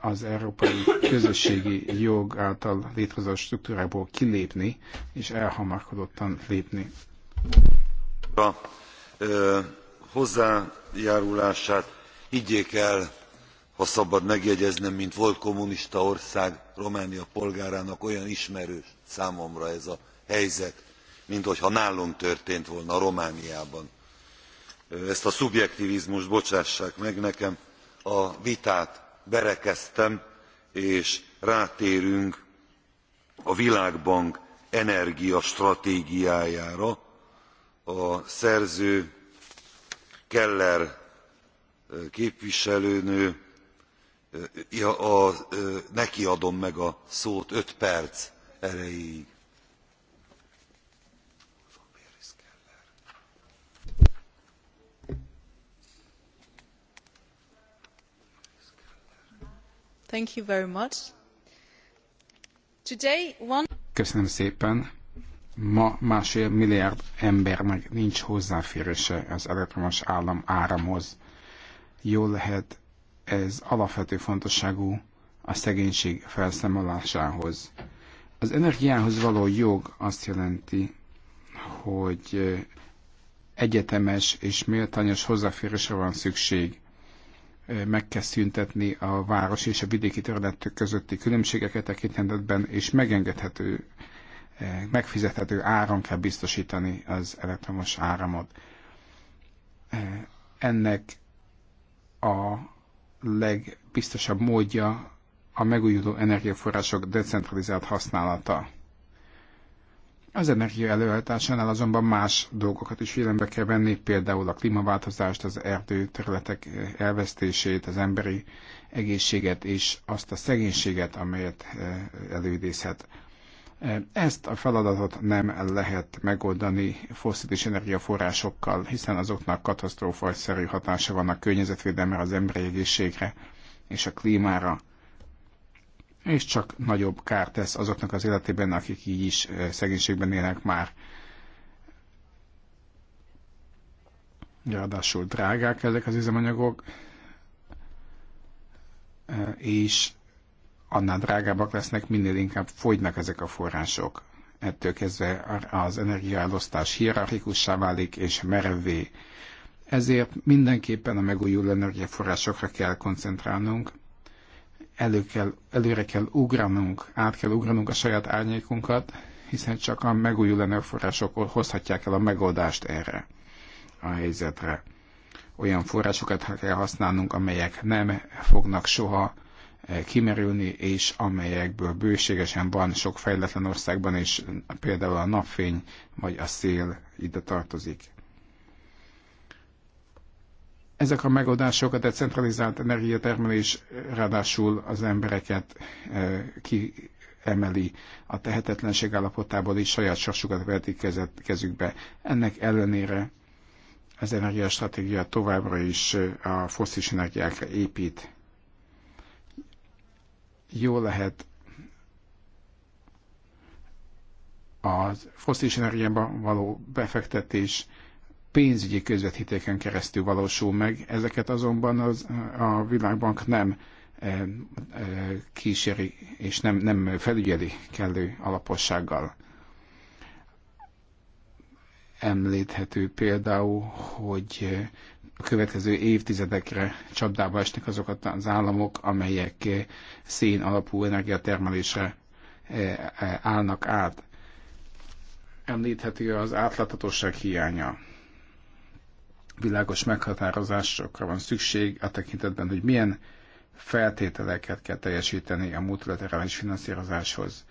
az európai közösségi jog által létrehozott struktúrából kilépni, és elhamarkodottan lépni. A ö, hozzájárulását higgyék el, ha szabad megjegyeznem, mint volt kommunista ország Románia polgárának olyan ismerős számomra ez a helyzet, mint hogyha nálunk történt volna Romániában. Ezt a szubjektivizmust bocsássák meg nekem, a vitát berekeztem és rátérünk a világbank energiastratégiájára a szerző keller képviselőnő ja, neki adom meg a szót öt perc erejéig. Köszönöm szépen. Ma másfél milliárd embernek nincs hozzáférése az elektromos állam áramhoz. Jól lehet, ez alapvető fontosságú a szegénység felszámolásához. Az energiához való jog azt jelenti, hogy egyetemes és méltányos hozzáférésre van szükség meg kell szüntetni a város és a vidéki területek közötti különbségeket tekintetben, és megengedhető, eh, megfizethető áron kell biztosítani az elektromos áramot. Eh, ennek a legbiztosabb módja a megújuló energiaforrások decentralizált használata. Az energia előállításánál azonban más dolgokat is figyelembe kell venni, például a klímaváltozást, az erdő területek elvesztését, az emberi egészséget és azt a szegénységet, amelyet eh, előidézhet. Eh, ezt a feladatot nem lehet megoldani fosszilis energiaforrásokkal, hiszen azoknak katasztrófajszerű hatása van a környezetvédelemre, az emberi egészségre és a klímára és csak nagyobb kárt tesz azoknak az életében, akik így is szegénységben élnek már. Ráadásul drágák ezek az üzemanyagok, és annál drágábbak lesznek, minél inkább fogynak ezek a források. Ettől kezdve az energiaelosztás hierarchikussá válik és merevé. Ezért mindenképpen a megújuló energiaforrásokra kell koncentrálnunk, elő kell, előre kell ugranunk, át kell ugranunk a saját árnyékunkat, hiszen csak a megújuló energiaforrások hozhatják el a megoldást erre a helyzetre. Olyan forrásokat kell használnunk, amelyek nem fognak soha eh, kimerülni, és amelyekből bőségesen van sok fejletlen országban, és például a napfény vagy a szél ide tartozik. Ezek a megoldások a decentralizált energiatermelés ráadásul az embereket e, kiemeli a tehetetlenség állapotából és saját sorsukat vehetik kezükbe. Ennek ellenére az energiastratégia továbbra is e, a foszilis energiákra épít. Jó lehet a foszilis energiába való befektetés pénzügyi közvetítéken keresztül valósul meg, ezeket azonban az, a világbank nem e, e, kíséri és nem, nem felügyeli kellő alapossággal. Említhető például, hogy eh, a következő évtizedekre csapdába esnek azokat az államok, amelyek szén alapú energiatermelésre állnak át. Említhető az átláthatóság hiánya világos meghatározásokra van szükség a tekintetben, hogy milyen feltételeket kell teljesíteni a multilaterális finanszírozáshoz.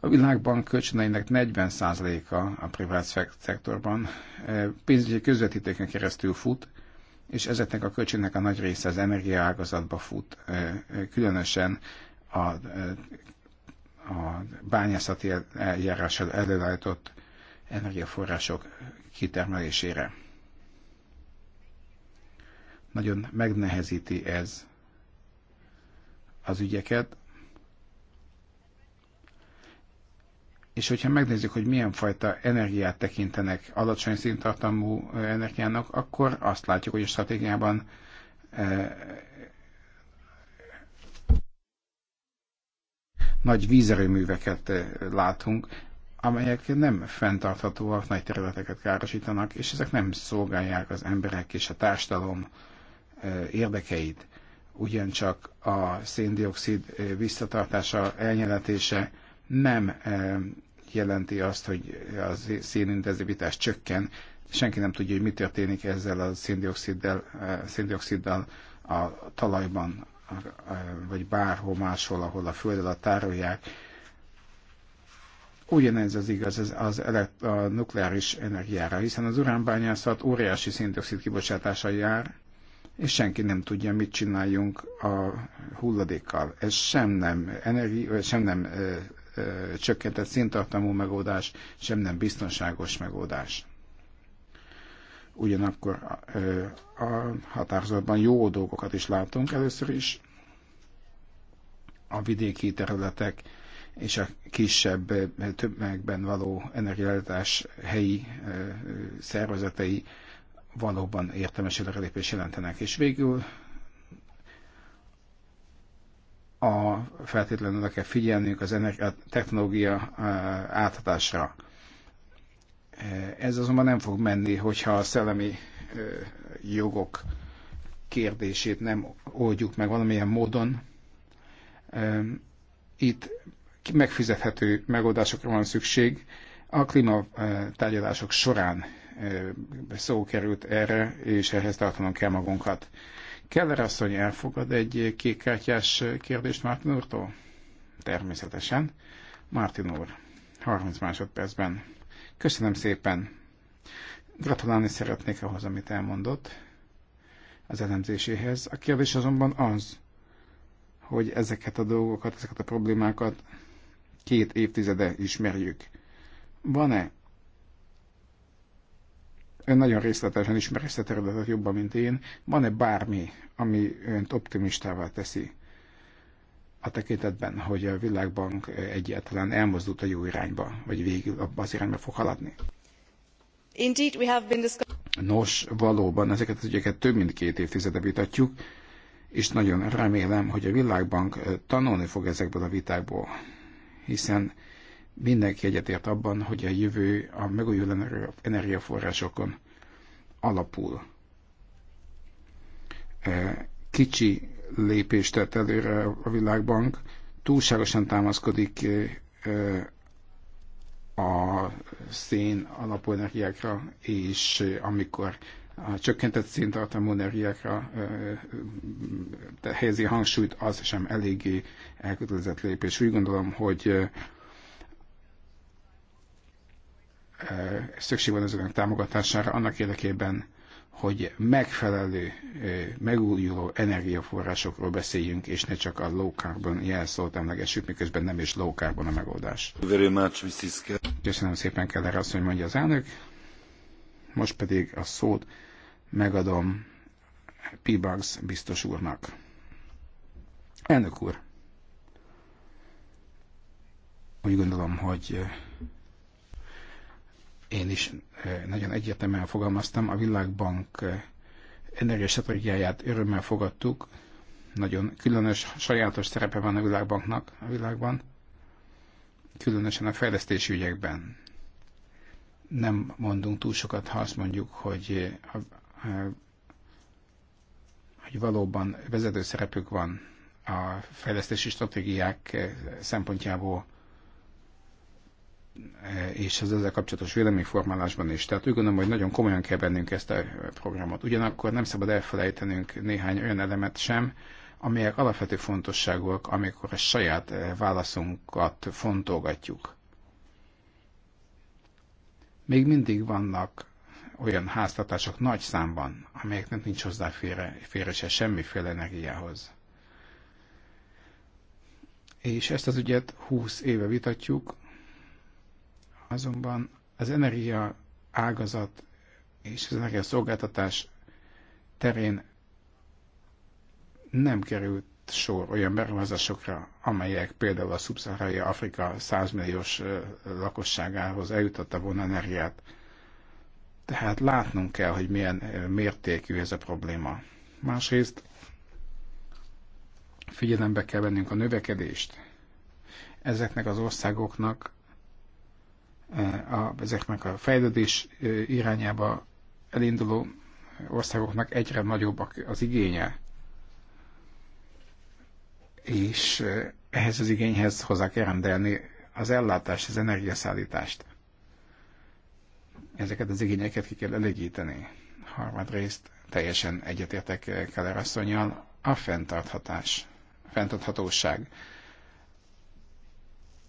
A világban kölcsönöinek 40%-a a privát szektorban eh, pénzügyi közvetítéken keresztül fut, és ezeknek a kölcsönnek a nagy része az energiaágazatba fut, eh, eh, különösen a, a bányászati eljárással előállított energiaforrások kitermelésére. Nagyon megnehezíti ez az ügyeket. És hogyha megnézzük, hogy milyen fajta energiát tekintenek alacsony szintartalmú energiának, akkor azt látjuk, hogy a stratégiában e, nagy vízerőműveket e, látunk, amelyek nem fenntarthatóak, nagy területeket károsítanak, és ezek nem szolgálják az emberek és a társadalom érdekeit, ugyancsak a széndiokszid visszatartása, elnyeletése nem jelenti azt, hogy a szénintenzivitás csökken. Senki nem tudja, hogy mi történik ezzel a széndioksziddel, széndioksziddal a talajban, vagy bárhol máshol, ahol a föld alatt tárolják. Ugyanez az igaz az, az elekt, a nukleáris energiára, hiszen az uránbányászat óriási széndiokszid kibocsátása jár, és senki nem tudja, mit csináljunk a hulladékkal. Ez sem nem, energi, sem nem ö, ö, csökkentett szintartalmú megoldás, sem nem biztonságos megoldás. Ugyanakkor ö, a határozatban jó dolgokat is látunk. Először is a vidéki területek és a kisebb többekben való energiállítás helyi ö, szervezetei valóban értelmes előrelépés jelentenek. És végül a feltétlenül le kell figyelnünk az energia technológia e, áthatásra. E, ez azonban nem fog menni, hogyha a szellemi e, jogok kérdését nem oldjuk meg valamilyen módon. Itt megfizethető megoldásokra van szükség a klímatárgyalások során szó került erre, és ehhez tartanom kell magunkat. Keller asszony elfogad egy kékkártyás kérdést Martin úrtól? Természetesen. Martin úr, 30 másodpercben. Köszönöm szépen. Gratulálni szeretnék ahhoz, amit elmondott az elemzéséhez. A kérdés azonban az, hogy ezeket a dolgokat, ezeket a problémákat két évtizede ismerjük. Van-e Ön nagyon részletesen ismer ezt a területet jobban, mint én. Van-e bármi, ami önt optimistává teszi a tekintetben, hogy a Világbank egyáltalán elmozdult a jó irányba, vagy végül abba az irányba fog haladni? Indeed, we have been Nos, valóban ezeket az ügyeket több mint két évtizede vitatjuk, és nagyon remélem, hogy a Világbank tanulni fog ezekből a vitákból, hiszen mindenki egyetért abban, hogy a jövő a megújuló energiaforrásokon alapul. E, kicsi lépést tett előre a világbank, túlságosan támaszkodik e, e, a szén alapú energiákra, és amikor a csökkentett széntartalmú energiákra helyezi hangsúlyt, az sem eléggé elkötelezett lépés. Úgy gondolom, hogy Eh, szükség van ezeknek támogatására annak érdekében, hogy megfelelő, eh, megújuló energiaforrásokról beszéljünk, és ne csak a low carbon jelszót emlegessük, miközben nem is low carbon a megoldás. Very much, Mrs. Köszönöm szépen, Keller hogy mondja az elnök. Most pedig a szót megadom P biztos úrnak. Elnök úr, úgy gondolom, hogy eh, én is nagyon egyértelműen fogalmaztam, a Világbank energiastratégiáját örömmel fogadtuk, nagyon különös, sajátos szerepe van a Világbanknak a világban, különösen a fejlesztési ügyekben. Nem mondunk túl sokat, ha azt mondjuk, hogy, hogy valóban vezető szerepük van a fejlesztési stratégiák szempontjából és az ezzel kapcsolatos véleményformálásban is. Tehát úgy gondolom, hogy nagyon komolyan kell vennünk ezt a programot. Ugyanakkor nem szabad elfelejtenünk néhány olyan elemet sem, amelyek alapvető fontosságúak, amikor a saját eh, válaszunkat fontolgatjuk. Még mindig vannak olyan háztartások nagy számban, amelyeknek nincs hozzáférése semmiféle energiához. És ezt az ügyet 20 éve vitatjuk, Azonban az energia ágazat és az energia szolgáltatás terén nem került sor olyan beruházásokra, amelyek például a szubszaharai Afrika 100 milliós lakosságához eljutatta volna energiát. Tehát látnunk kell, hogy milyen mértékű ez a probléma. Másrészt figyelembe kell vennünk a növekedést. Ezeknek az országoknak Eh, a, ezeknek a fejlődés eh, irányába elinduló eh, országoknak egyre nagyobbak az igénye. És ehhez az igényhez hozzá kell rendelni az ellátást, az energiaszállítást. Ezeket az igényeket ki kell elégíteni. Harmadrészt teljesen egyetértek Keller asszonyjal, a fenntarthatás, fenntarthatóság.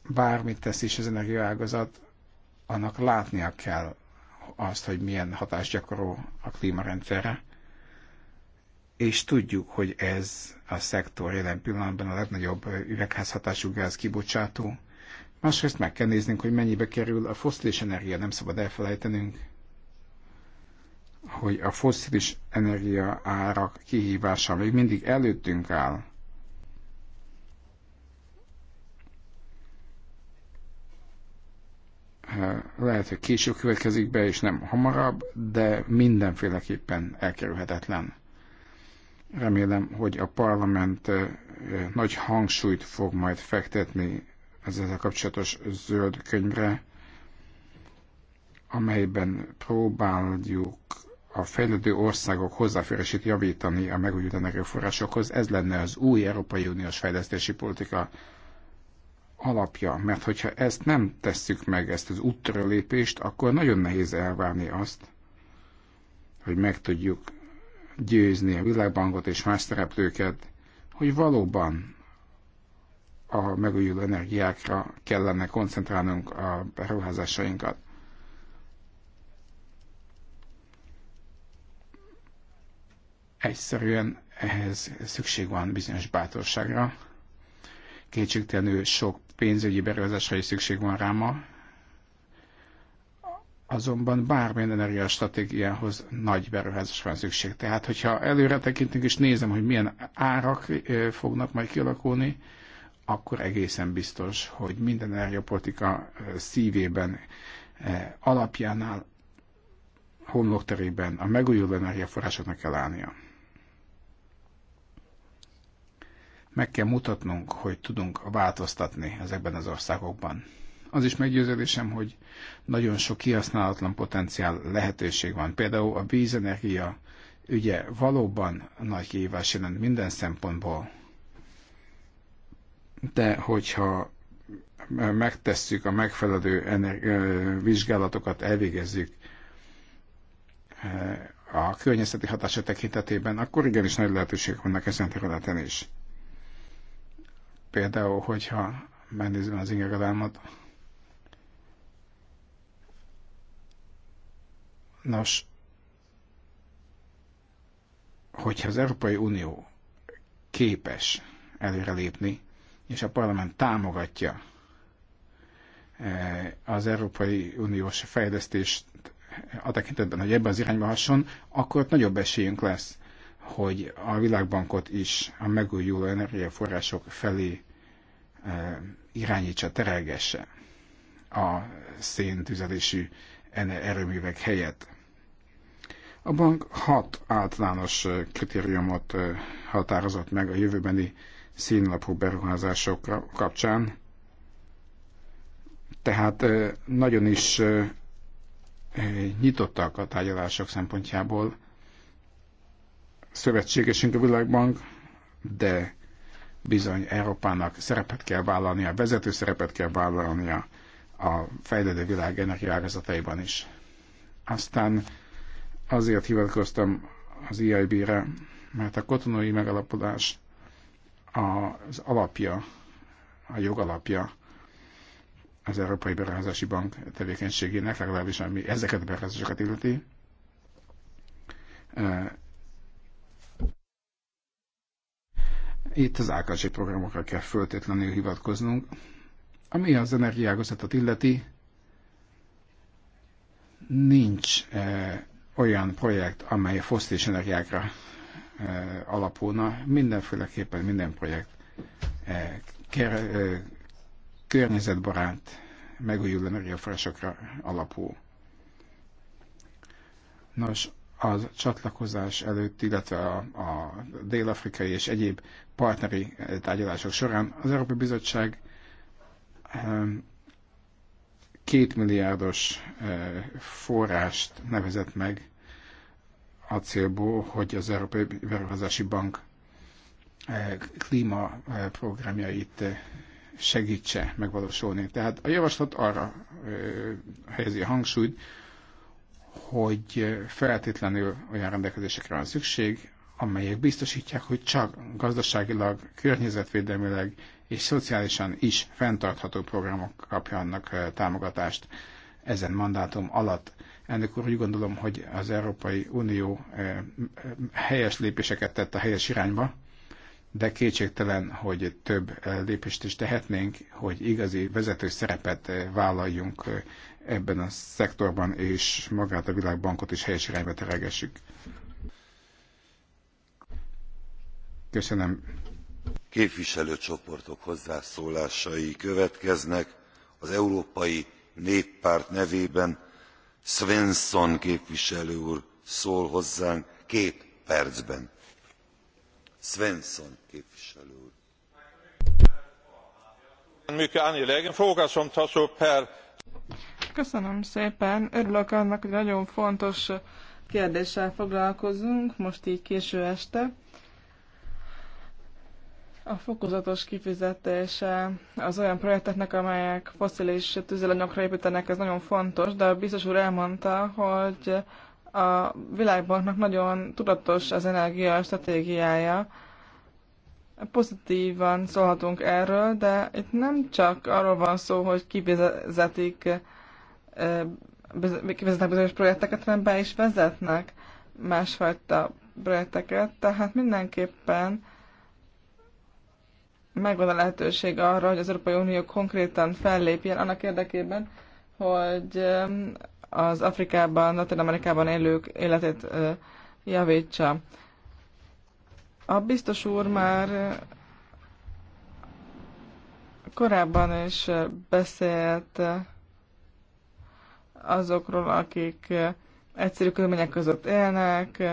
Bármit tesz is az energiaágazat, annak látnia kell azt, hogy milyen hatást gyakorol a klímarendszerre, és tudjuk, hogy ez a szektor jelen pillanatban a legnagyobb üvegházhatású gáz kibocsátó. Másrészt meg kell néznünk, hogy mennyibe kerül a foszilis energia, nem szabad elfelejtenünk, hogy a foszilis energia árak kihívása még mindig előttünk áll. lehet, hogy később következik be, és nem hamarabb, de mindenféleképpen elkerülhetetlen. Remélem, hogy a parlament nagy hangsúlyt fog majd fektetni az ezzel kapcsolatos zöld könyvre, amelyben próbáljuk a fejlődő országok hozzáférését javítani a megújuló energiaforrásokhoz. Ez lenne az új Európai Uniós fejlesztési politika alapja, mert hogyha ezt nem tesszük meg, ezt az lépést, akkor nagyon nehéz elvárni azt, hogy meg tudjuk győzni a világbankot és más szereplőket, hogy valóban a megújuló energiákra kellene koncentrálnunk a beruházásainkat. Egyszerűen ehhez szükség van bizonyos bátorságra, Kétségtelenül sok pénzügyi beruházásra is szükség van rá ma, azonban bármilyen energiastratégiához nagy beruházás van szükség. Tehát, hogyha előre tekintünk és nézem, hogy milyen árak fognak majd kialakulni, akkor egészen biztos, hogy minden energiapolitika szívében, alapjánál, homlokterében a megújuló energiaforrásoknak kell állnia. Meg kell mutatnunk, hogy tudunk változtatni ezekben az országokban. Az is meggyőződésem, hogy nagyon sok kihasználatlan potenciál lehetőség van. Például a vízenergia ügye valóban nagy kihívás jelent minden szempontból. De hogyha megtesszük a megfelelő vizsgálatokat, elvégezzük a környezeti hatása tekintetében, akkor igenis nagy lehetőség vannak ezen területen is. Például, hogyha megnézem az ingegadámat. Nos, hogyha az Európai Unió képes előrelépni, és a parlament támogatja e, az Európai Uniós fejlesztést a tekintetben, hogy ebben az irányba hason, akkor nagyobb esélyünk lesz, hogy a világbankot is a megújuló energiaforrások felé irányítsa, terelgesse a széntüzelésű erőművek helyett. A bank hat általános kritériumot határozott meg a jövőbeni színlapú beruházások kapcsán, tehát nagyon is nyitottak a tárgyalások szempontjából. Szövetségesünk a világbank, de bizony Európának szerepet kell vállalnia, vezető szerepet kell vállalnia a fejlődő világ energiágazataiban is. Aztán azért hivatkoztam az EIB-re, mert a kotonói megalapodás az alapja, a jogalapja az Európai Beruházási Bank tevékenységének, legalábbis ami ezeket a beruházásokat illeti, Itt az AKC programokra kell föltétlenül hivatkoznunk. Ami az energiágazatot illeti, nincs e, olyan projekt, amely fosztás energiákra e, alapulna. Mindenféleképpen minden projekt e, ker, e, környezetbarát, megújuló energiaforrásokra alapul. Nos, az csatlakozás előtt, illetve a, a dél-afrikai és egyéb partneri eh, tárgyalások során az Európai Bizottság eh, két milliárdos eh, forrást nevezett meg a célból, hogy az Európai Beruházási Bank klímaprogramjait segítse megvalósulni. Tehát a javaslat arra helyezi a hangsúlyt, hogy feltétlenül olyan rendelkezésekre van szükség, amelyek biztosítják, hogy csak gazdaságilag, környezetvédelmileg és szociálisan is fenntartható programok kapjanak támogatást ezen mandátum alatt. Ennek úr úgy gondolom, hogy az Európai Unió helyes lépéseket tett a helyes irányba, de kétségtelen, hogy több lépést is tehetnénk, hogy igazi vezető szerepet vállaljunk ebben a szektorban, és magát a világbankot is helyes irányba teregessük. Köszönöm. Képviselőcsoportok hozzászólásai következnek. Az Európai Néppárt nevében Svensson képviselő úr szól hozzánk két percben. Svensson képviselő úr. Köszönöm szépen. Örülök annak, hogy nagyon fontos kérdéssel foglalkozunk, most így késő este a fokozatos kifizetése az olyan projekteknek, amelyek foszilis tüzelőanyagra építenek, ez nagyon fontos, de a biztos úr elmondta, hogy a világbanknak nagyon tudatos az energia stratégiája. Pozitívan szólhatunk erről, de itt nem csak arról van szó, hogy kifizetik, kivezetnek bizonyos projekteket, hanem be is vezetnek másfajta projekteket, tehát mindenképpen megvan a lehetőség arra, hogy az Európai Unió konkrétan fellépjen annak érdekében, hogy um, az Afrikában, Latin-Amerikában élők életét uh, javítsa. A biztos úr már uh, korábban is uh, beszélt azokról, akik egyszerű körülmények között élnek,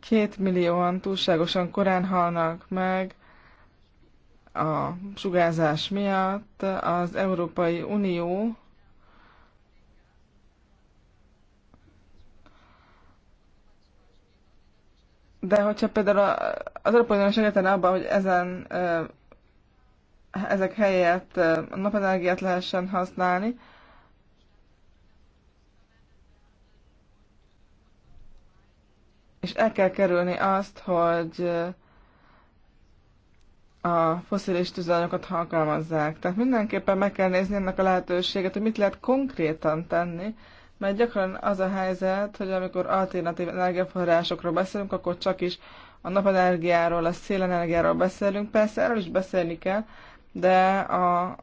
két millióan túlságosan korán halnak meg, a sugárzás miatt az Európai Unió De hogyha például az Európai Unió segítene abban, hogy ezen, ezek helyett a napenergiát lehessen használni, és el kell kerülni azt, hogy a foszilis tüzelőanyagokat alkalmazzák. Tehát mindenképpen meg kell nézni ennek a lehetőséget, hogy mit lehet konkrétan tenni, mert gyakran az a helyzet, hogy amikor alternatív energiaforrásokról beszélünk, akkor csak is a napenergiáról, a szélenergiáról beszélünk. Persze erről is beszélni kell, de a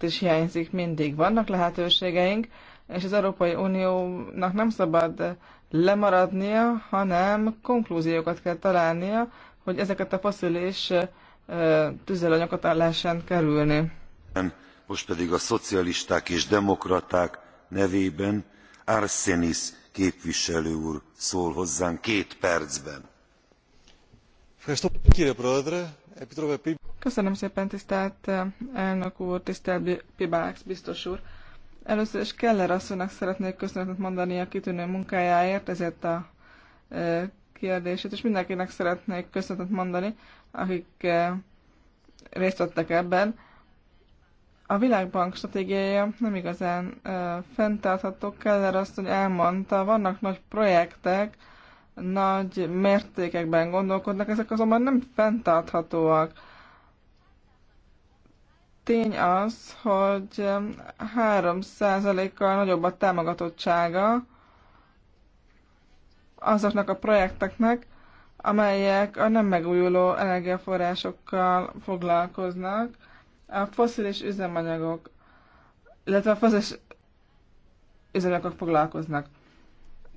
is hiányzik mindig. Vannak lehetőségeink, és az Európai Uniónak nem szabad lemaradnia, hanem konklúziókat kell találnia, hogy ezeket a faszülés tüzelanyagokat el kerülni. Most pedig a szocialisták és demokraták nevében Arsenis képviselő úr szól hozzánk két percben. Köszönöm szépen, tisztelt elnök úr, tisztelt Pibáx biztos úr. Először is Keller asszonynak szeretnék köszönetet mondani a kitűnő munkájáért, ezért a kérdését, és mindenkinek szeretnék köszönetet mondani, akik eh, részt vettek ebben. A Világbank stratégiája nem igazán eh, fenntartható. Keller azt, hogy elmondta, vannak nagy projektek, nagy mértékekben gondolkodnak, ezek azonban nem fenntarthatóak. Tény az, hogy 3%-kal eh, nagyobb a támogatottsága, azoknak a projekteknek, amelyek a nem megújuló energiaforrásokkal foglalkoznak, a foszilis üzemanyagok, illetve a foszilis üzemanyagok foglalkoznak.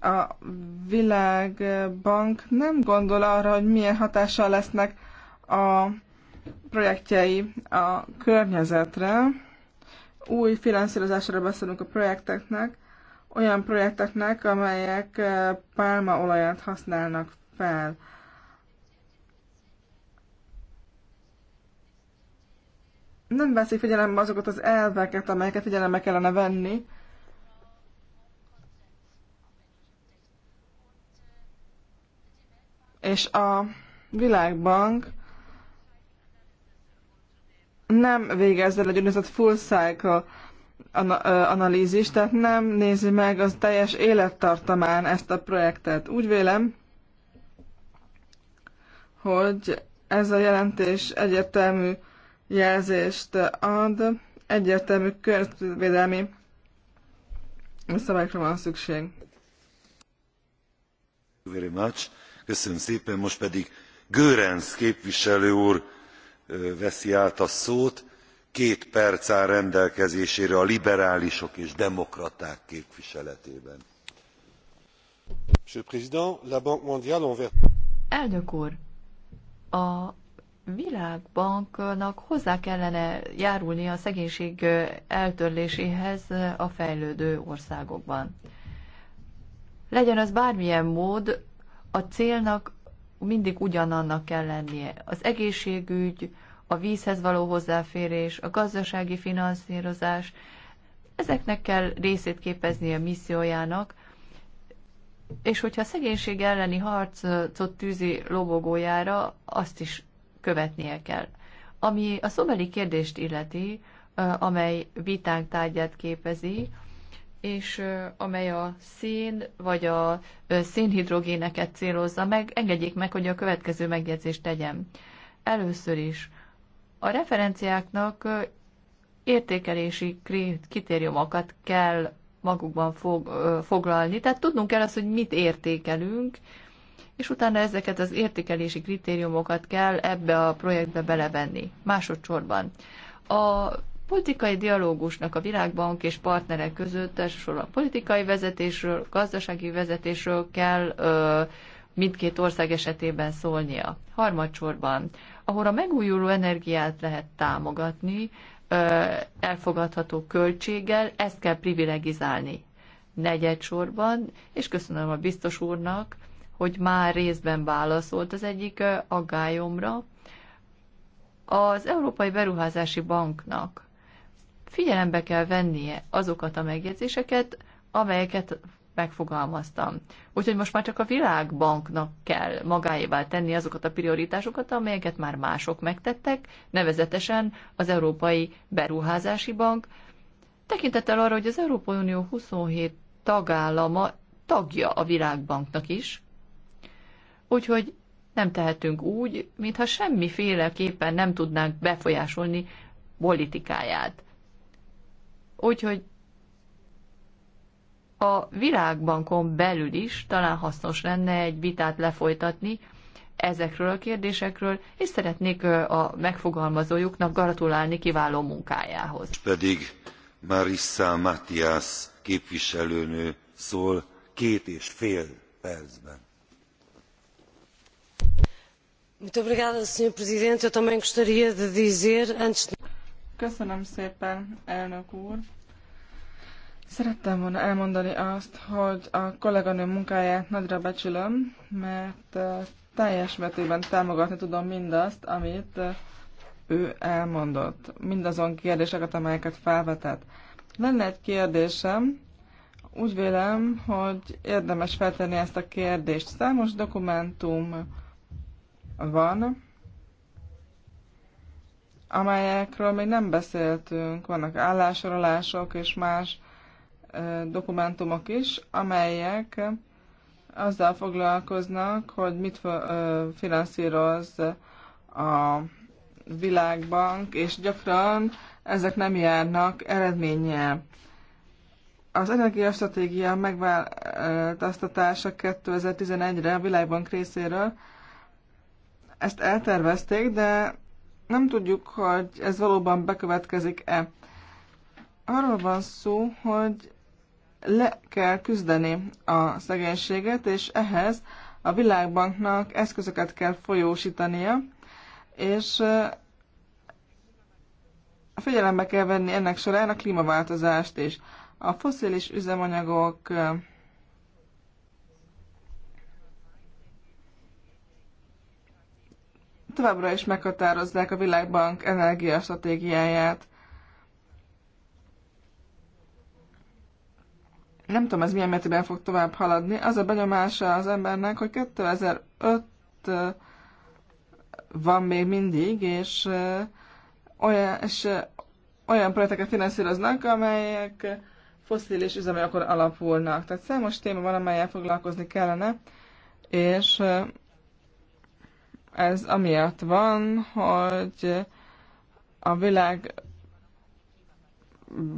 A világbank nem gondol arra, hogy milyen hatással lesznek a projektjei a környezetre. Új finanszírozásra beszélünk a projekteknek, olyan projekteknek, amelyek pálmaolajat használnak fel. Nem veszik figyelembe azokat az elveket, amelyeket figyelembe kellene venni. És a Világbank nem végezzel egy úgynevezett full cycle analízis, tehát nem nézi meg az teljes élettartamán ezt a projektet. Úgy vélem, hogy ez a jelentés egyértelmű jelzést ad, egyértelmű környezetvédelmi szabályokra van szükség. Very much. Köszönöm szépen, most pedig Görenc képviselő úr veszi át a szót két perc áll rendelkezésére a liberálisok és demokraták képviseletében. elnök úr a világbanknak hozzá kellene járulni a szegénység eltörléséhez a fejlődő országokban. Legyen az bármilyen mód, a célnak mindig ugyanannak kell lennie. Az egészségügy, a vízhez való hozzáférés, a gazdasági finanszírozás, ezeknek kell részét képezni a missziójának, és hogyha a szegénység elleni harcot tűzi lobogójára, azt is követnie kell. Ami a szobeli kérdést illeti, amely vitánk tárgyát képezi, és amely a szén vagy a szénhidrogéneket célozza meg, engedjék meg, hogy a következő megjegyzést tegyem. Először is a referenciáknak értékelési kritériumokat kell magukban fog, foglalni, tehát tudnunk kell azt, hogy mit értékelünk, és utána ezeket az értékelési kritériumokat kell ebbe a projektbe belevenni. Másodszorban a politikai dialógusnak a világbank és partnerek között elsősorban politikai vezetésről, gazdasági vezetésről kell ö, mindkét ország esetében szólnia. Harmadsorban ahol a megújuló energiát lehet támogatni elfogadható költséggel, ezt kell privilegizálni negyedsorban, és köszönöm a biztos úrnak, hogy már részben válaszolt az egyik aggályomra. Az Európai Beruházási Banknak figyelembe kell vennie azokat a megjegyzéseket, amelyeket megfogalmaztam. Úgyhogy most már csak a világbanknak kell magáévá tenni azokat a prioritásokat, amelyeket már mások megtettek, nevezetesen az Európai Beruházási Bank, tekintettel arra, hogy az Európai Unió 27 tagállama tagja a világbanknak is, úgyhogy nem tehetünk úgy, mintha semmiféleképpen nem tudnánk befolyásolni politikáját. Úgyhogy a világbankon belül is talán hasznos lenne egy vitát lefolytatni ezekről a kérdésekről, és szeretnék a megfogalmazójuknak gratulálni kiváló munkájához. Pedig Marissa Matthias képviselőnő szól két és fél percben. Köszönöm szépen, elnök úr! Szerettem volna elmondani azt, hogy a kolléganő munkáját nagyra becsülöm, mert teljes mértékben támogatni tudom mindazt, amit ő elmondott, mindazon kérdéseket, amelyeket felvetett. Lenne egy kérdésem, úgy vélem, hogy érdemes feltenni ezt a kérdést. Számos dokumentum van, amelyekről még nem beszéltünk. Vannak állásorolások és más dokumentumok is, amelyek azzal foglalkoznak, hogy mit finanszíroz a világbank, és gyakran ezek nem járnak eredménye. Az energiastratégia megváltoztatása 2011-re a világbank részéről ezt eltervezték, de nem tudjuk, hogy ez valóban bekövetkezik-e. Arról van szó, hogy le kell küzdeni a szegénységet, és ehhez a világbanknak eszközöket kell folyósítania, és figyelembe kell venni ennek során a klímaváltozást is. A foszilis üzemanyagok továbbra is meghatározzák a világbank energiastratégiáját. nem tudom, ez milyen mértékben fog tovább haladni. Az a benyomása az embernek, hogy 2005 van még mindig, és olyan, és olyan projekteket finanszíroznak, amelyek foszilis üzemanyagokon alapulnak. Tehát számos téma van, amelyel foglalkozni kellene, és ez amiatt van, hogy a világ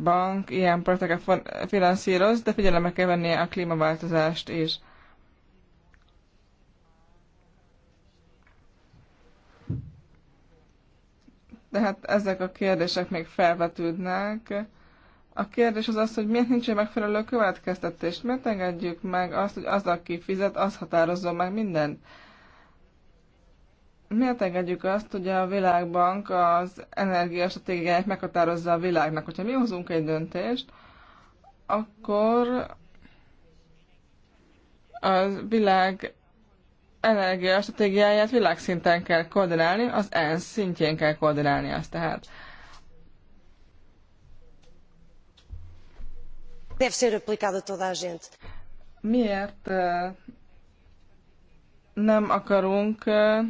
bank ilyen projekteket finanszíroz, de figyelembe kell vennie a klímaváltozást is. tehát ezek a kérdések még felvetődnek. A kérdés az az, hogy miért nincs egy megfelelő következtetést, miért engedjük meg azt, hogy az, aki fizet, az határozza meg mindent miért engedjük azt, hogy a világbank az energiastratégiáját meghatározza a világnak? Hogyha mi hozunk egy döntést, akkor a világ energiastratégiáját világszinten kell koordinálni, az ENSZ szintjén kell koordinálni azt tehát. Deve ser a toda a gente. Miért eh, nem akarunk eh,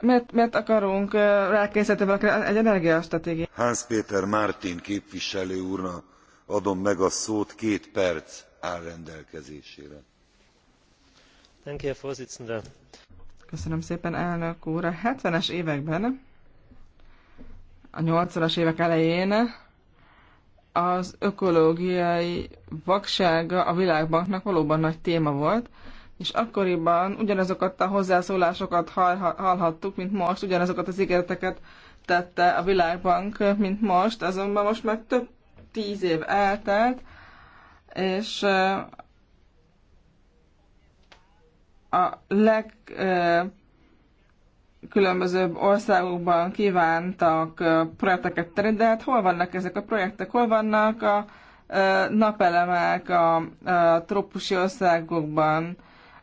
mert, mert akarunk rákényszeríteni egy energiastratégiát? Hans Péter Mártin képviselő úrna, adom meg a szót, két perc áll rendelkezésére. Köszönöm szépen, elnök úr. A 70-es években, a 80-as évek elején az ökológiai vaksága a világbanknak valóban nagy téma volt, és akkoriban ugyanazokat a hozzászólásokat hallhattuk, mint most, ugyanazokat az ígéreteket tette a Világbank, mint most, azonban most már több tíz év eltelt, és a legkülönbözőbb országokban kívántak projekteket tenni, de hát hol vannak ezek a projektek, hol vannak a napelemek a, a trópusi országokban,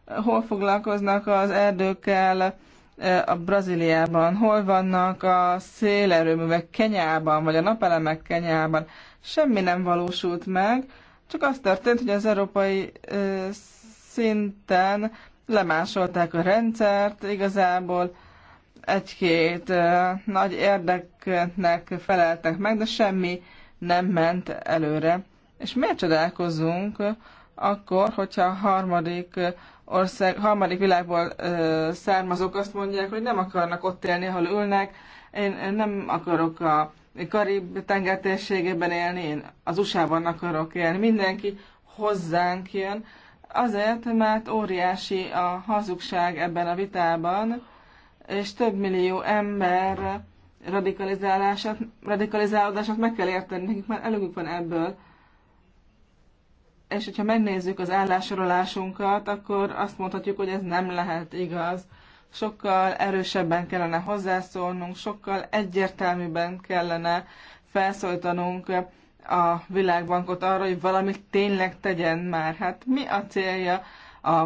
hol foglalkoznak az erdőkkel e, a Brazíliában, hol vannak a szélerőművek Kenyában, vagy a napelemek Kenyában. Semmi nem valósult meg, csak az történt, hogy az európai e, szinten lemásolták a rendszert, igazából egy-két e, nagy érdeknek feleltek meg, de semmi nem ment előre. És miért csodálkozunk, akkor, hogyha harmadik ország, harmadik világból ö, származók azt mondják, hogy nem akarnak ott élni, ahol ülnek, én, én nem akarok a Karib tenger térségében élni, én az USA-ban akarok élni. Mindenki hozzánk jön, azért, mert óriási a hazugság ebben a vitában, és több millió ember radikalizálását, radikalizálódását meg kell érteni, mert már van ebből és hogyha megnézzük az állásorolásunkat, akkor azt mondhatjuk, hogy ez nem lehet igaz. Sokkal erősebben kellene hozzászólnunk, sokkal egyértelműbben kellene felszólítanunk a világbankot arra, hogy valamit tényleg tegyen már. Hát mi a célja a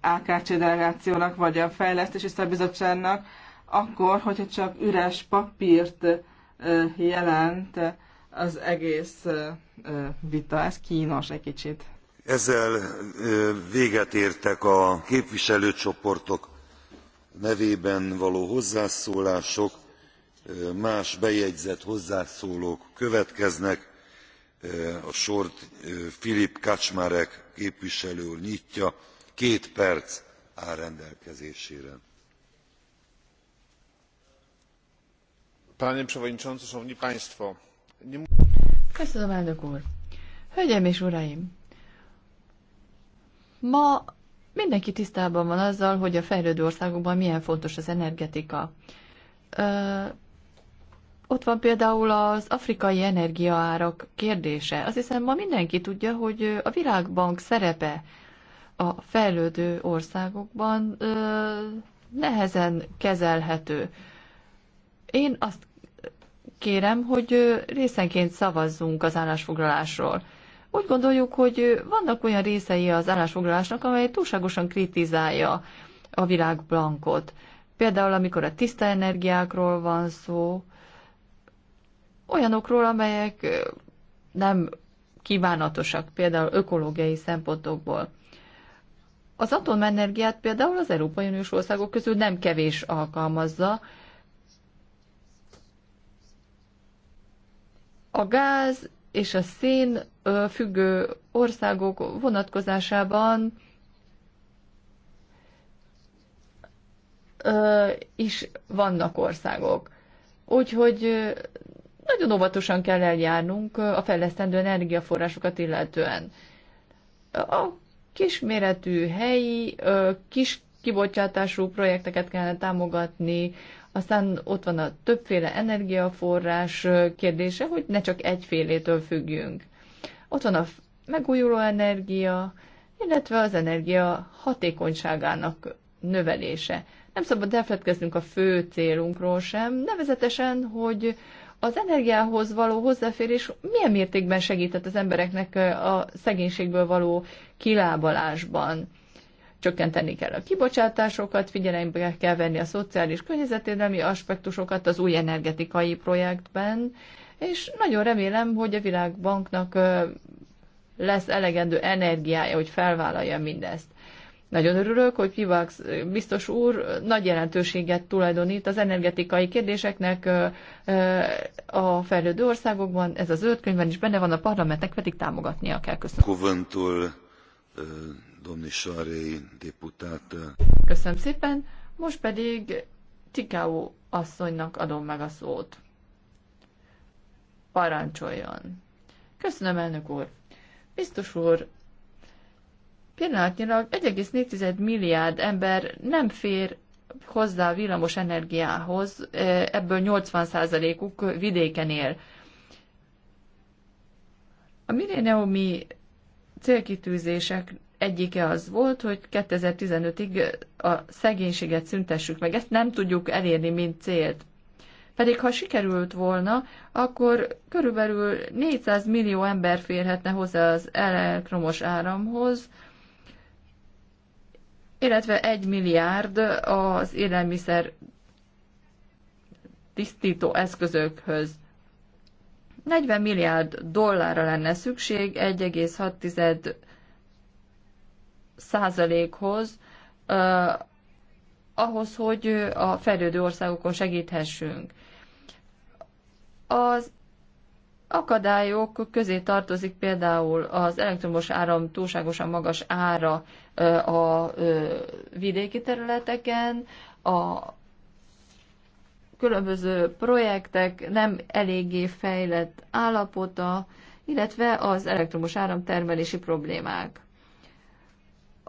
AKC delegációnak, vagy a fejlesztési szabizottságnak, akkor, hogyha csak üres papírt jelent az egész vita. Ez kínos egy kicsit. Ezzel véget értek a képviselőcsoportok nevében való hozzászólások. Más bejegyzett hozzászólók következnek. A sort Filip Kacsmarek képviselő úr nyitja. Két perc áll rendelkezésére. Panie Przewodniczący, Szanowni Państwo! Köszönöm, elnök úr. Hölgyeim és uraim, ma mindenki tisztában van azzal, hogy a fejlődő országokban milyen fontos az energetika. Ö, ott van például az afrikai energiaárak kérdése. Azt hiszem, ma mindenki tudja, hogy a Világbank szerepe a fejlődő országokban ö, nehezen kezelhető. Én azt kérem, hogy részenként szavazzunk az állásfoglalásról. Úgy gondoljuk, hogy vannak olyan részei az állásfoglalásnak, amely túlságosan kritizálja a világ blankot. Például, amikor a tiszta energiákról van szó, olyanokról, amelyek nem kívánatosak, például ökológiai szempontokból. Az atomenergiát például az Európai Uniós országok közül nem kevés alkalmazza, a gáz és a szén függő országok vonatkozásában is vannak országok. Úgyhogy nagyon óvatosan kell eljárnunk a fejlesztendő energiaforrásokat illetően. A kisméretű helyi, kis kibocsátású projekteket kellene támogatni, aztán ott van a többféle energiaforrás kérdése, hogy ne csak egyfélétől függjünk. Ott van a megújuló energia, illetve az energia hatékonyságának növelése. Nem szabad elfeledkeznünk a fő célunkról sem, nevezetesen, hogy az energiához való hozzáférés milyen mértékben segített az embereknek a szegénységből való kilábalásban csökkenteni kell a kibocsátásokat, figyelembe kell venni a szociális környezetvédelmi aspektusokat az új energetikai projektben, és nagyon remélem, hogy a Világbanknak lesz elegendő energiája, hogy felvállalja mindezt. Nagyon örülök, hogy Pivax biztos úr nagy jelentőséget tulajdonít az energetikai kérdéseknek a fejlődő országokban. Ez az öt könyvben is benne van, a parlamentnek pedig támogatnia kell. Köszönöm. Kuvântul deputată. Köszönöm szépen, most pedig Tikáó asszonynak adom meg a szót. Parancsoljon. Köszönöm, elnök úr. Biztos úr, pillanatnyilag 1,4 milliárd ember nem fér hozzá a villamos energiához, ebből 80%-uk vidéken él. A millenniumi célkitűzések egyike az volt, hogy 2015-ig a szegénységet szüntessük meg. Ezt nem tudjuk elérni, mint célt. Pedig ha sikerült volna, akkor körülbelül 400 millió ember férhetne hozzá az elektromos áramhoz, illetve 1 milliárd az élelmiszer tisztító eszközökhöz. 40 milliárd dollárra lenne szükség 1,6 százalékhoz, ahhoz, hogy a fejlődő országokon segíthessünk. Az akadályok közé tartozik például az elektromos áram túlságosan magas ára a vidéki területeken, a különböző projektek nem eléggé fejlett állapota, illetve az elektromos áramtermelési problémák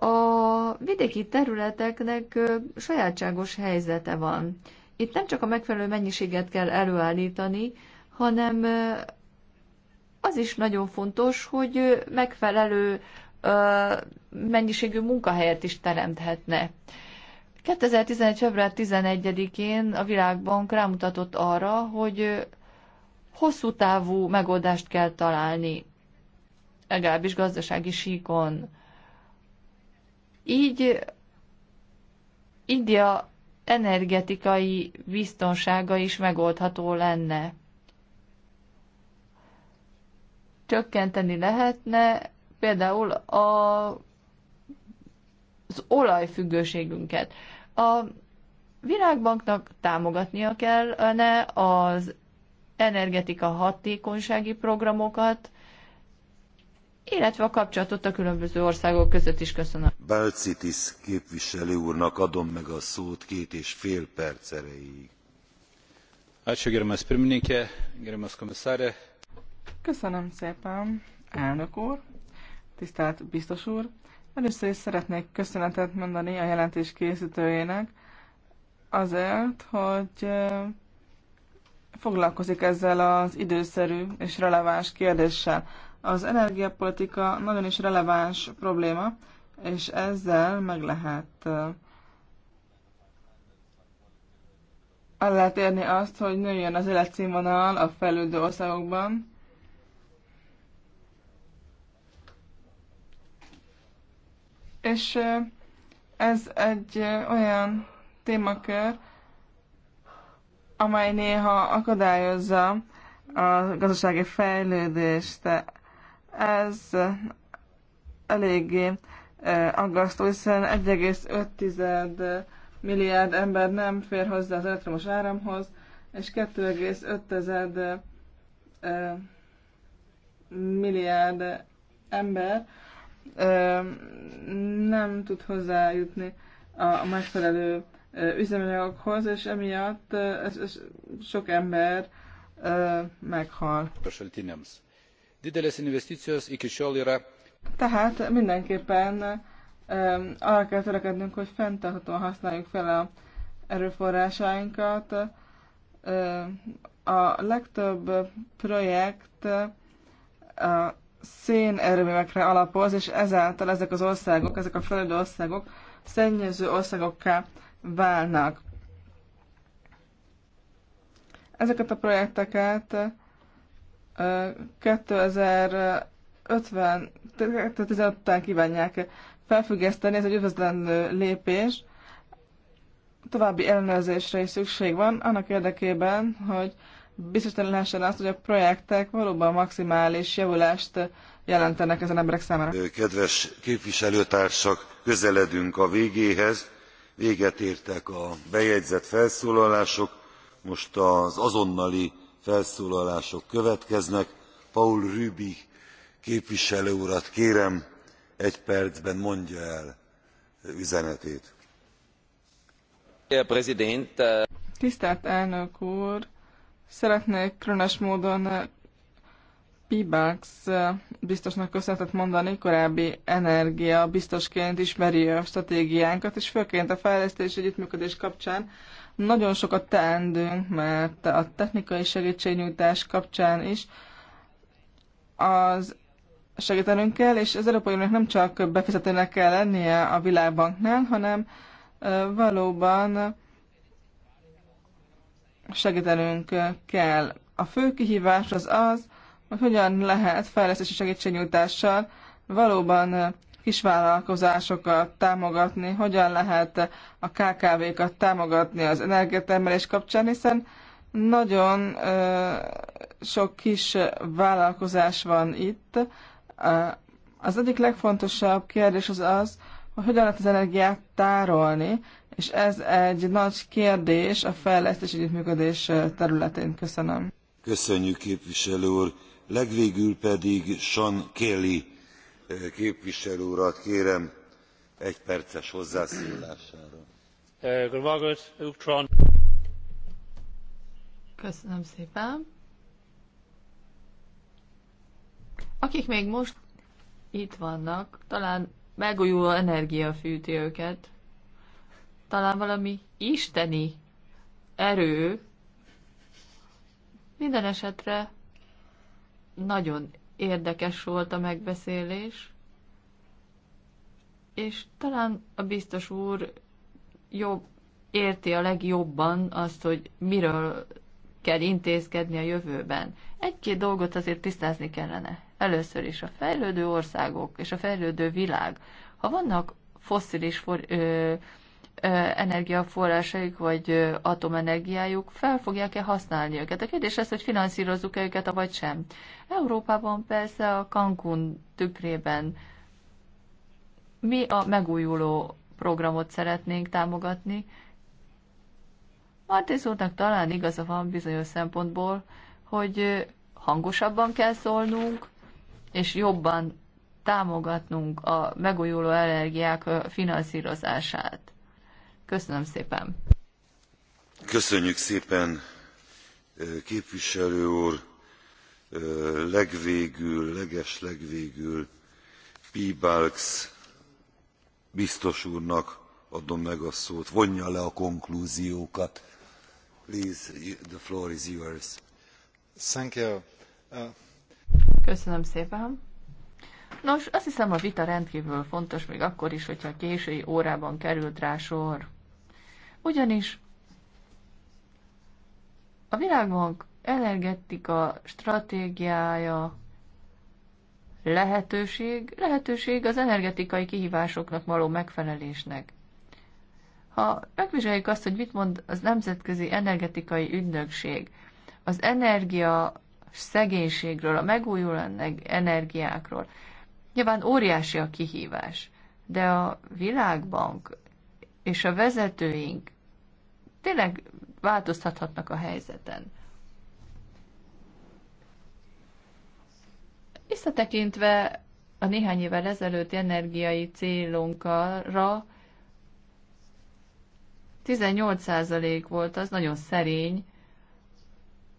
a vidéki területeknek sajátságos helyzete van. Itt nem csak a megfelelő mennyiséget kell előállítani, hanem az is nagyon fontos, hogy megfelelő mennyiségű munkahelyet is teremthetne. 2011. február 11-én a Világbank rámutatott arra, hogy hosszú távú megoldást kell találni, legalábbis gazdasági síkon így India energetikai biztonsága is megoldható lenne. Csökkenteni lehetne például a, az olajfüggőségünket. A világbanknak támogatnia kellene az energetika hatékonysági programokat, illetve a kapcsolatot a különböző országok között is köszönöm. Balcitis képviselő úrnak adom meg a szót két és fél perc erejéig. Köszönöm szépen, elnök úr, tisztelt biztos úr. Először is szeretnék köszönetet mondani a jelentés készítőjének azért, hogy foglalkozik ezzel az időszerű és releváns kérdéssel. Az energiapolitika nagyon is releváns probléma, és ezzel meg lehet el lehet érni azt, hogy nőjön az életszínvonal a fejlődő országokban. És ez egy olyan témakör, amely néha akadályozza a gazdasági fejlődést. Ez eléggé aggasztó, hiszen 1,5 milliárd ember nem fér hozzá az elektromos áramhoz, és 2,5 milliárd ember nem tud hozzájutni a megfelelő üzemanyagokhoz, és emiatt sok ember meghal didelės investicijos iki šiol yra. Tehát mindenképpen arra kell törekednünk, hogy fenntarthatóan használjuk fel a erőforrásainkat. A legtöbb projekt a szénerőművekre alapoz, és ezáltal ezek az országok, ezek a földi országok szennyező országokká válnak. Ezeket a projekteket 2050 2015 után kívánják felfüggeszteni, ez egy üdvözlendő lépés. További ellenőrzésre is szükség van, annak érdekében, hogy biztosan lehessen azt, hogy a projektek valóban maximális javulást jelentenek ezen emberek számára. Kedves képviselőtársak, közeledünk a végéhez. Véget értek a bejegyzett felszólalások. Most az azonnali felszólalások következnek. paul rübig képviselő urat kérem egy percben mondja el üzenetét. Uh, tisztelt elnök úr! szeretnék különös módon uh, Pibax uh, biztosnak köszönetet mondani, korábbi energia biztosként ismeri a stratégiánkat, és főként a fejlesztés együttműködés kapcsán nagyon sokat teendünk, mert a technikai segítségnyújtás kapcsán is az segítenünk kell, és az Európai Uniónak nem csak befizetőnek kell lennie a világbanknál, hanem valóban segítenünk kell. A fő kihívás az az, hogy hogyan lehet fejlesztési segítségnyújtással valóban kisvállalkozásokat támogatni, hogyan lehet a KKV-kat támogatni az energiatermelés kapcsán, hiszen nagyon sok kis vállalkozás van itt. Az egyik legfontosabb kérdés az az, hogy hogyan lehet az energiát tárolni, és ez egy nagy kérdés a fejlesztés együttműködés területén. Köszönöm. Köszönjük, képviselő úr. Legvégül pedig Sean Kelly képviselő urat kérem egy perces hozzászólására. Köszönöm szépen. Akik még most itt vannak, talán megújuló energia fűti őket. Talán valami isteni erő. Minden esetre nagyon érdekes volt a megbeszélés, és talán a biztos úr jobb, érti a legjobban azt, hogy miről kell intézkedni a jövőben. Egy-két dolgot azért tisztázni kellene. Először is a fejlődő országok és a fejlődő világ. Ha vannak fosszilis for, ö, energiaforrásaik vagy atomenergiájuk, fel fogják-e használni őket. A kérdés az, hogy finanszírozzuk-e őket, vagy sem. Európában persze a Cancún tükrében mi a megújuló programot szeretnénk támogatni. Martész úrnak talán igaza van bizonyos szempontból, hogy hangosabban kell szólnunk, és jobban támogatnunk a megújuló energiák finanszírozását. Köszönöm szépen. Köszönjük szépen, képviselő úr. Legvégül, leges legvégül Pibalks biztos úrnak adom meg a szót. Vonja le a konklúziókat. Please, the floor is yours. Thank you. Uh... Köszönöm szépen. Nos, azt hiszem a vita rendkívül fontos, még akkor is, hogyha a késői órában került rá sor. Ugyanis a világbank energetika stratégiája lehetőség, lehetőség az energetikai kihívásoknak való megfelelésnek. Ha megvizsgáljuk azt, hogy mit mond az Nemzetközi Energetikai Ügynökség, az energia szegénységről, a megújuló energiákról, nyilván óriási a kihívás, de a világbank és a vezetőink tényleg változtathatnak a helyzeten. Visszatekintve a néhány évvel ezelőtti energiai célunkra 18% volt, az nagyon szerény,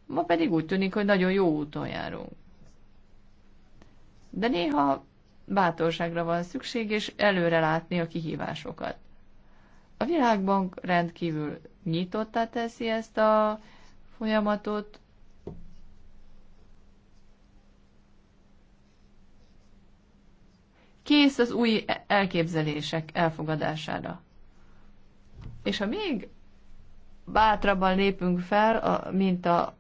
ma pedig úgy tűnik, hogy nagyon jó úton járunk. De néha bátorságra van szükség, és előre látni a kihívásokat. A Világbank rendkívül nyitottá teszi ezt a folyamatot, kész az új elképzelések elfogadására. És ha még bátrabban lépünk fel, mint a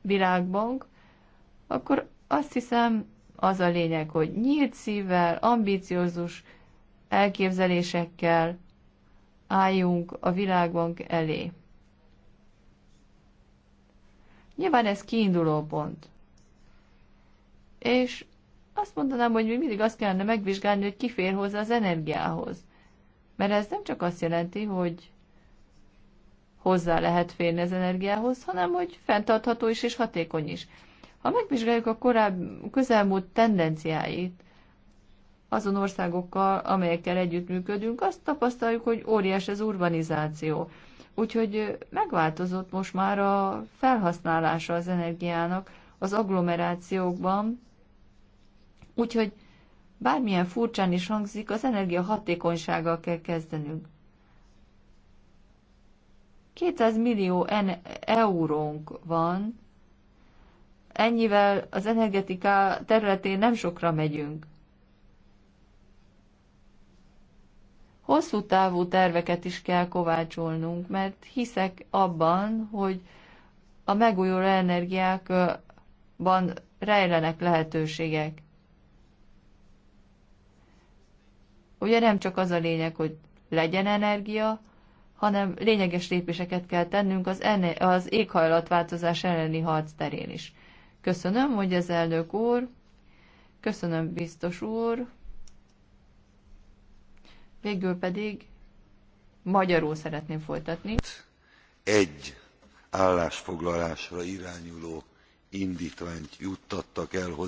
világbank, akkor azt hiszem, az a lényeg, hogy nyílt szívvel, ambiciózus elképzelésekkel álljunk a világbank elé. Nyilván ez kiinduló pont. És azt mondanám, hogy még mindig azt kellene megvizsgálni, hogy ki fér hozzá az energiához. Mert ez nem csak azt jelenti, hogy hozzá lehet férni az energiához, hanem hogy fenntartható is és hatékony is. Ha megvizsgáljuk a korábbi közelmúlt tendenciáit, azon országokkal, amelyekkel együttműködünk, azt tapasztaljuk, hogy óriás az urbanizáció. Úgyhogy megváltozott most már a felhasználása az energiának az agglomerációkban, úgyhogy bármilyen furcsán is hangzik, az energia hatékonysággal kell kezdenünk. 200 millió en- eurónk van, ennyivel az energetika területén nem sokra megyünk. hosszú távú terveket is kell kovácsolnunk, mert hiszek abban, hogy a megújuló energiákban rejlenek lehetőségek. Ugye nem csak az a lényeg, hogy legyen energia, hanem lényeges lépéseket kell tennünk az, enne- az éghajlatváltozás elleni harc terén is. Köszönöm, hogy az elnök úr, köszönöm biztos úr, Végül pedig magyarul szeretném folytatni. Egy állásfoglalásra irányuló indítványt juttattak el hozzá.